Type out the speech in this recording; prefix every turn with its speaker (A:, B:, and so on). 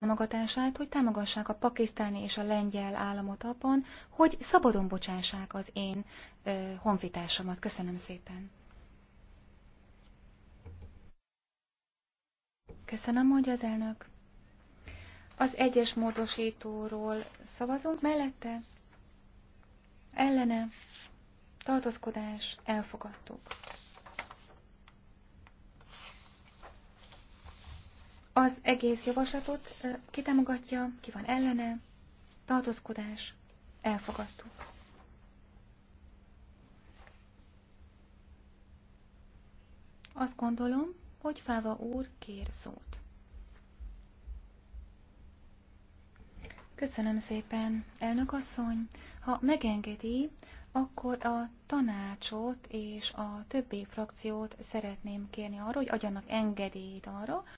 A: támogatását, hogy támogassák a pakisztáni és a lengyel államot abban, hogy szabadon bocsássák az én ö, honfitársamat. Köszönöm szépen. Köszönöm, mondja az elnök. Az egyes módosítóról szavazunk mellette. Ellene. tartozkodás Elfogadtuk. Az egész javaslatot kitámogatja, ki van ellene, tartózkodás,
B: elfogadtuk.
C: Azt gondolom, hogy Fáva úr kér szót.
A: Köszönöm szépen, elnök asszony. Ha megengedi, akkor a tanácsot és a többi frakciót szeretném kérni arra, hogy adjanak engedélyt arra,